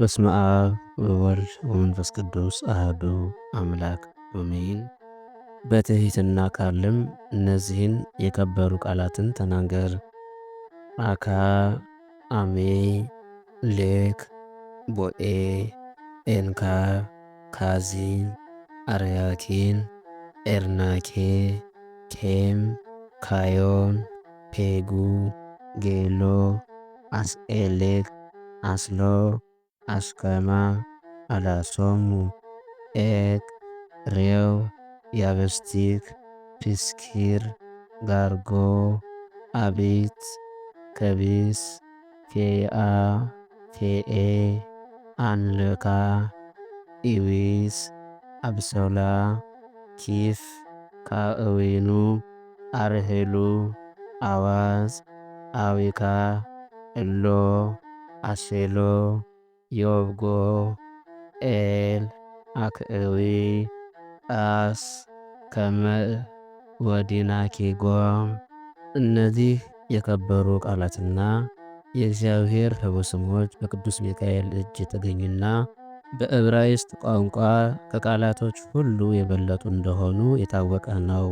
በስመ አብ ወወልድ ወመንፈስ ቅዱስ አህዱ አምላክ አሜን። በትሕትና ቃልም እነዚህን የከበሩ ቃላትን ተናገር። አካ፣ አሜ፣ ሌክ፣ ቦኤ፣ ኤንካ፣ ካዚን፣ አርያኪን፣ ኤርናኬ፣ ኬም፣ ካዮን፣ ፔጉ፣ ጌሎ፣ አስኤሌክ፣ አስሎ አስከማ አላሶሙ ኤቅ ሬው ያበስቲክ ፕስኪር ጋርጎ አቢት ከቢስ ኬአ ኬኤ አንልካ ኢዊስ አብሰላ ኪፍ ካእዌኑ ኣርሄሉ ኣዋዝ ኣዊካ እሎ ኣሴሎ ዮብጎ ኤል አክእዊ አስ ከመ ወዲናኬጎም እነዚህ የከበሩ ቃላትና የእግዚአብሔር ህቡዕ ስሞች በቅዱስ ሚካኤል እጅ የተገኙና በዕብራይስጥ ቋንቋ ከቃላቶች ሁሉ የበለጡ እንደሆኑ የታወቀ ነው።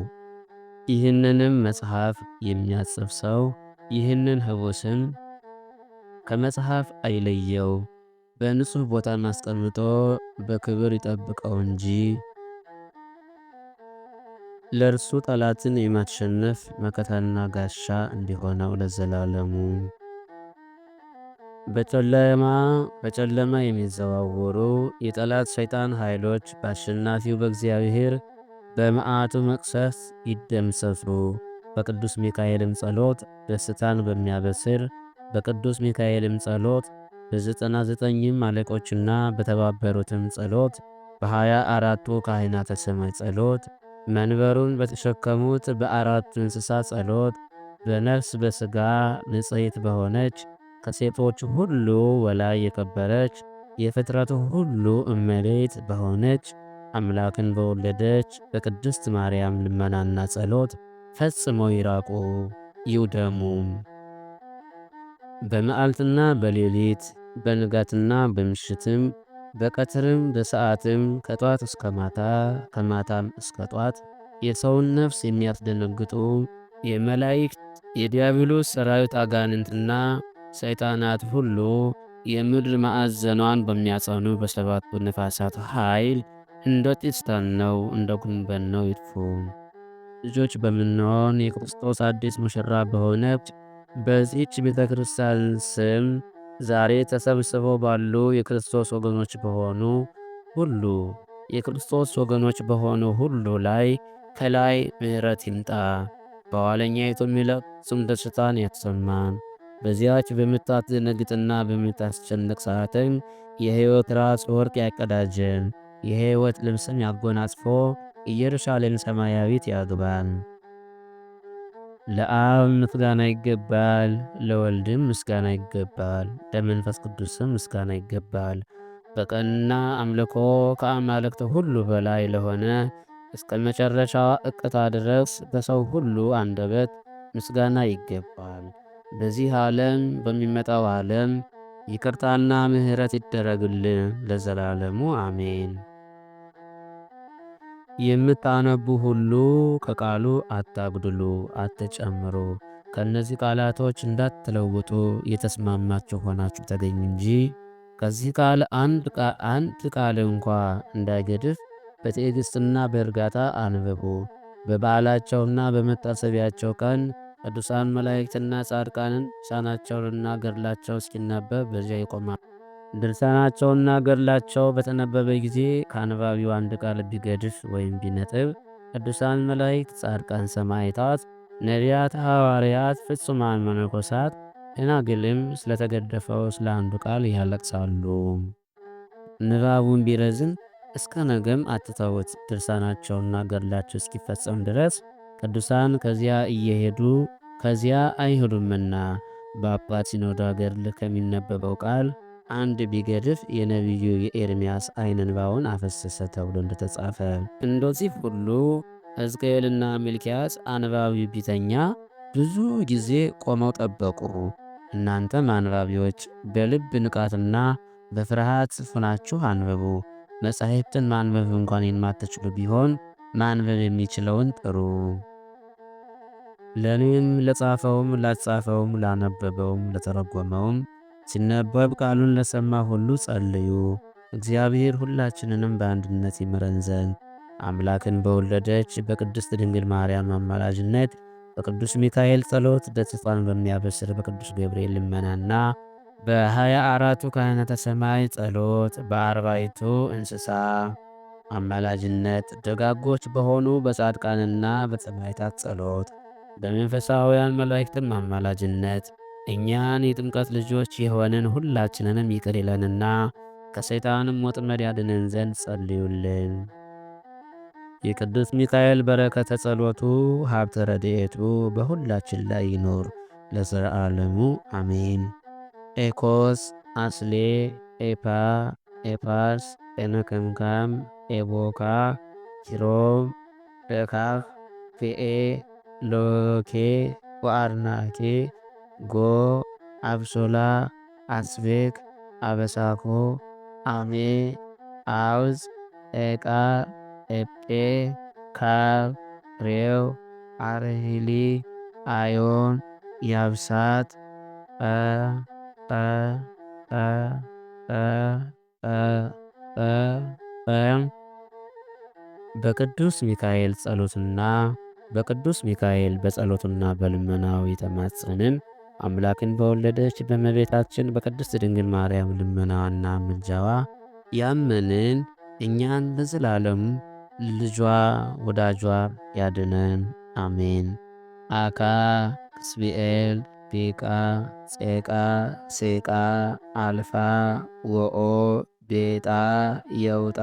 ይህንንም መጽሐፍ የሚያጽፍ ሰው ይህንን ህቡዕ ስም ከመጽሐፍ አይለየው። በንጹህ ቦታ አስቀምጦ በክብር ይጠብቀው እንጂ ለእርሱ ጠላትን የማሸነፍ መከታና ጋሻ እንዲሆነው ለዘላለሙ። በጨለማ የሚዘዋወሩ የጠላት ሰይጣን ኃይሎች በአሸናፊው በእግዚአብሔር በመዓቱ መቅሰፍት ይደምሰሱ። በቅዱስ ሚካኤልም ጸሎት ደስታን በሚያበስር በቅዱስ ሚካኤልም ጸሎት በዘጠና ዘጠኝም አለቆችና በተባበሩትም ጸሎት በሀያ አራቱ ካህናተ ሰማይ ጸሎት መንበሩን በተሸከሙት በአራቱ እንስሳ ጸሎት በነፍስ በሥጋ ንጽሕት በሆነች ከሴቶች ሁሉ ወላይ የከበረች የፍጥረቱ ሁሉ እመቤት በሆነች አምላክን በወለደች በቅድስት ማርያም ልመናና ጸሎት ፈጽሞ ይራቁ ይውደሙም። በመዓልትና በሌሊት በንጋትና በምሽትም በቀትርም በሰዓትም ከጧት እስከ ማታ ከማታም እስከ ጧት የሰውን ነፍስ የሚያስደነግጡ የመላእክት የዲያብሎስ ሰራዊት አጋንንትና ሰይጣናት ሁሉ የምድር ማዕዘኗን በሚያጸኑ በሰባቱ ነፋሳት ኃይል እንደ ጢስ ነው እንደ ጉንበን ነው ይጥፉ። ልጆች በምንሆን የክርስቶስ አዲስ ሙሽራ በሆነች በዚህች ቤተ ክርስቲያን ስም ዛሬ ተሰብስበው ባሉ የክርስቶስ ወገኖች በሆኑ ሁሉ የክርስቶስ ወገኖች በሆኑ ሁሉ ላይ ከላይ ምሕረት ይምጣ። በኋለኛይቱ ጽም ደስታን ያሰማን። በዚያች በምታስደነግጥና በምታስጨንቅ ሰዓትም የሕይወት ራስ ወርቅ ያቀዳጀን የሕይወት ልብስም ያጎናጽፎ ኢየሩሳሌም ሰማያዊት ያግባን። ለአብ ምስጋና ይገባል፣ ለወልድም ምስጋና ይገባል፣ ለመንፈስ ቅዱስም ምስጋና ይገባል። በቀና አምልኮ ከአማልክት ሁሉ በላይ ለሆነ እስከ መጨረሻ እቅታ ድረስ በሰው ሁሉ አንደበት ምስጋና ይገባል። በዚህ ዓለም በሚመጣው ዓለም ይቅርታና ምሕረት ይደረግልን ለዘላለሙ አሜን። የምታነቡ ሁሉ ከቃሉ አታጉድሉ፣ አትጨምሩ፣ ከእነዚህ ቃላቶች እንዳትለውጡ የተስማማችሁ ሆናችሁ ተገኙ እንጂ ከዚህ ቃል አንድ ቃል እንኳ እንዳይገድፍ በትዕግሥትና በእርጋታ አንብቡ። በበዓላቸውና በመታሰቢያቸው ቀን ቅዱሳን መላእክትና ጻድቃንን ሳናቸውንና ገድላቸው እስኪነበብ በዚያ ይቆማል። ድርሳናቸውና ገድላቸው በተነበበ ጊዜ ከአንባቢው አንድ ቃል ቢገድፍ ወይም ቢነጥብ ቅዱሳን መላእክት፣ ጻድቃን፣ ሰማዕታት፣ ነቢያት፣ ሐዋርያት፣ ፍጹማን መነኮሳት፣ ደናግልም ስለተገደፈው ስለ አንዱ ቃል ያለቅሳሉ። ንባቡን ቢረዝም እስከ ነገም አትተውት። ድርሳናቸውና ገድላቸው እስኪፈጸም ድረስ ቅዱሳን ከዚያ እየሄዱ ከዚያ አይሄዱምና በአባት ሲኖዳ ገድል ከሚነበበው ቃል አንድ ቢገድፍ የነቢዩ የኤርምያስ አይንንባውን እንባውን አፈሰሰ ተብሎ እንደተጻፈ እንደዚህ ሁሉ ሕዝቅኤልና ሚልኪያስ አንባቢ ቢተኛ ብዙ ጊዜ ቆመው ጠበቁ። እናንተም አንባቢዎች በልብ ንቃትና በፍርሃት ሆናችሁ አንብቡ። መጻሕፍትን ማንበብ እንኳን የማትችሉ ቢሆን ማንበብ የሚችለውን ጥሩ። ለእኔም ለጻፈውም ላጻፈውም ላነበበውም ለተረጎመውም ሲነበብ ቃሉን ለሰማ ሁሉ ጸልዩ። እግዚአብሔር ሁላችንንም በአንድነት ይምረን ዘንድ አምላክን በወለደች በቅድስት ድንግል ማርያም አማላጅነት በቅዱስ ሚካኤል ጸሎት ደስታን በሚያበስር በቅዱስ ገብርኤል ልመናና በሀያ አራቱ ካህናተ ሰማይ ጸሎት በአርባይቱ እንስሳ አማላጅነት ደጋጎች በሆኑ በጻድቃንና በሰማዕታት ጸሎት በመንፈሳውያን መላእክትም አማላጅነት እኛን የጥምቀት ልጆች የሆንን ሁላችንንም ይቅር ይለንና ከሰይጣንም ወጥመድ ያድነን ዘንድ ጸልዩልን። የቅዱስ ሚካኤል በረከተ ጸሎቱ ሀብተ ረድኤቱ በሁላችን ላይ ይኖር ለዘላለሙ አሜን። ኤኮስ አስሌ ኤፓ ኤፓስ ኤነከምካም ኤቦካ ኪሮም ኤካፍ ፌኤ ሎኬ ወአርናኬ ጎ አብሶላ አስቤክ አበሳኮ አሜ አውዝ ኤቃ ኤጴ ካብ ሬው አርሂሊ አዮን ያብሳት በቅዱስ ሚካኤል ጸሎትና በቅዱስ ሚካኤል በጸሎትና በልመናዊ የተማጸንን አምላክን በወለደች በመቤታችን በቅድስት ድንግል ማርያም ልመናዋና ምልጃዋ ያመንን እኛን በዘላለም ልጇ ወዳጇ ያድነን፣ አሜን። አካ ስቢኤል ቢቃ ጼቃ ሴቃ አልፋ ወኦ ቤጣ የውጣ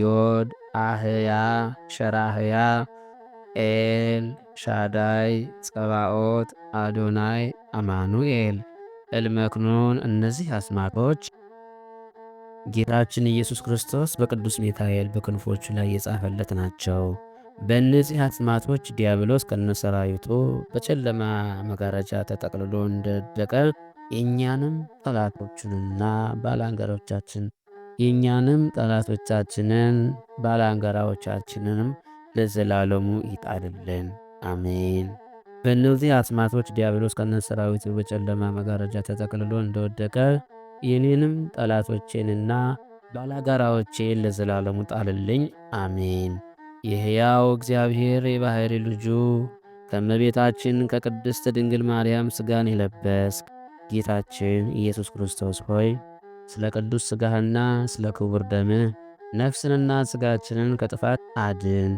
ዮድ አህያ ሸራህያ ኤል ሻዳይ ጸባኦት አዶናይ አማኑኤል እልመክኑን እነዚህ አስማቶች ጌታችን ኢየሱስ ክርስቶስ በቅዱስ ሚካኤል በክንፎቹ ላይ የጻፈለት ናቸው። በእነዚህ አስማቶች ዲያብሎስ ከነሰራዊቱ በጨለማ መጋረጃ ተጠቅልሎ እንደደቀ የእኛንም ጠላቶቹንና ባላንገሮቻችን የእኛንም ጠላቶቻችንን ባላንገራዎቻችንንም ለዘላለሙ ይጣልልን፣ አሜን። በእነዚህ አስማቶች ዲያብሎስ ከነ ሰራዊቱ በጨለማ መጋረጃ ተጠቅልሎ እንደወደቀ የኔንም ጠላቶቼንና ባላጋራዎቼን ለዘላለሙ ጣልልኝ፣ አሜን። የሕያው እግዚአብሔር የባሕሪ ልጁ ከመቤታችን ከቅድስት ድንግል ማርያም ሥጋን የለበስክ ጌታችን ኢየሱስ ክርስቶስ ሆይ ስለ ቅዱስ ሥጋህና ስለ ክቡር ደምህ ነፍስንና ሥጋችንን ከጥፋት አድን።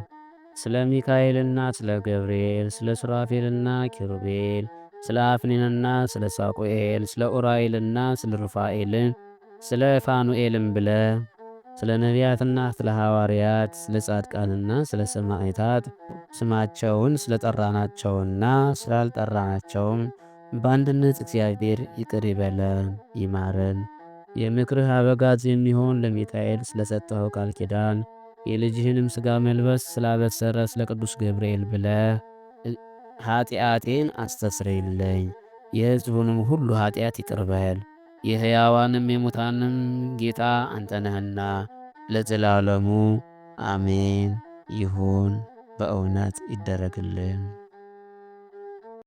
ስለ ሚካኤልና ስለ ገብርኤል፣ ስለ ሱራፌልና ኪሩቤል፣ ስለ አፍኒንና ስለ ሳቁኤል፣ ስለ ኡራኤልና ስለ ሩፋኤልን፣ ስለ ፋኑኤልም ብለ ስለ ነቢያትና ስለ ሐዋርያት፣ ስለ ጻድቃንና ስለ ሰማዕታት ስማቸውን ስለ ጠራናቸውና ስላልጠራናቸውም በአንድነት እግዚአብሔር ይቅር ይበለን ይማረን። የምክርህ አበጋዝ የሚሆን ለሚካኤል ስለ ሰጠኸው ቃል ኪዳን የልጅህንም ሥጋ መልበስ ስላበሰረ ስለ ቅዱስ ገብርኤል ብለ ኃጢአቴን አስተስርይልኝ። የሕዝቡንም ሁሉ ኃጢአት ይቅርበል፣ የሕያዋንም የሙታንም ጌታ አንተነህና ለዘላለሙ አሜን። ይሁን በእውነት ይደረግልን።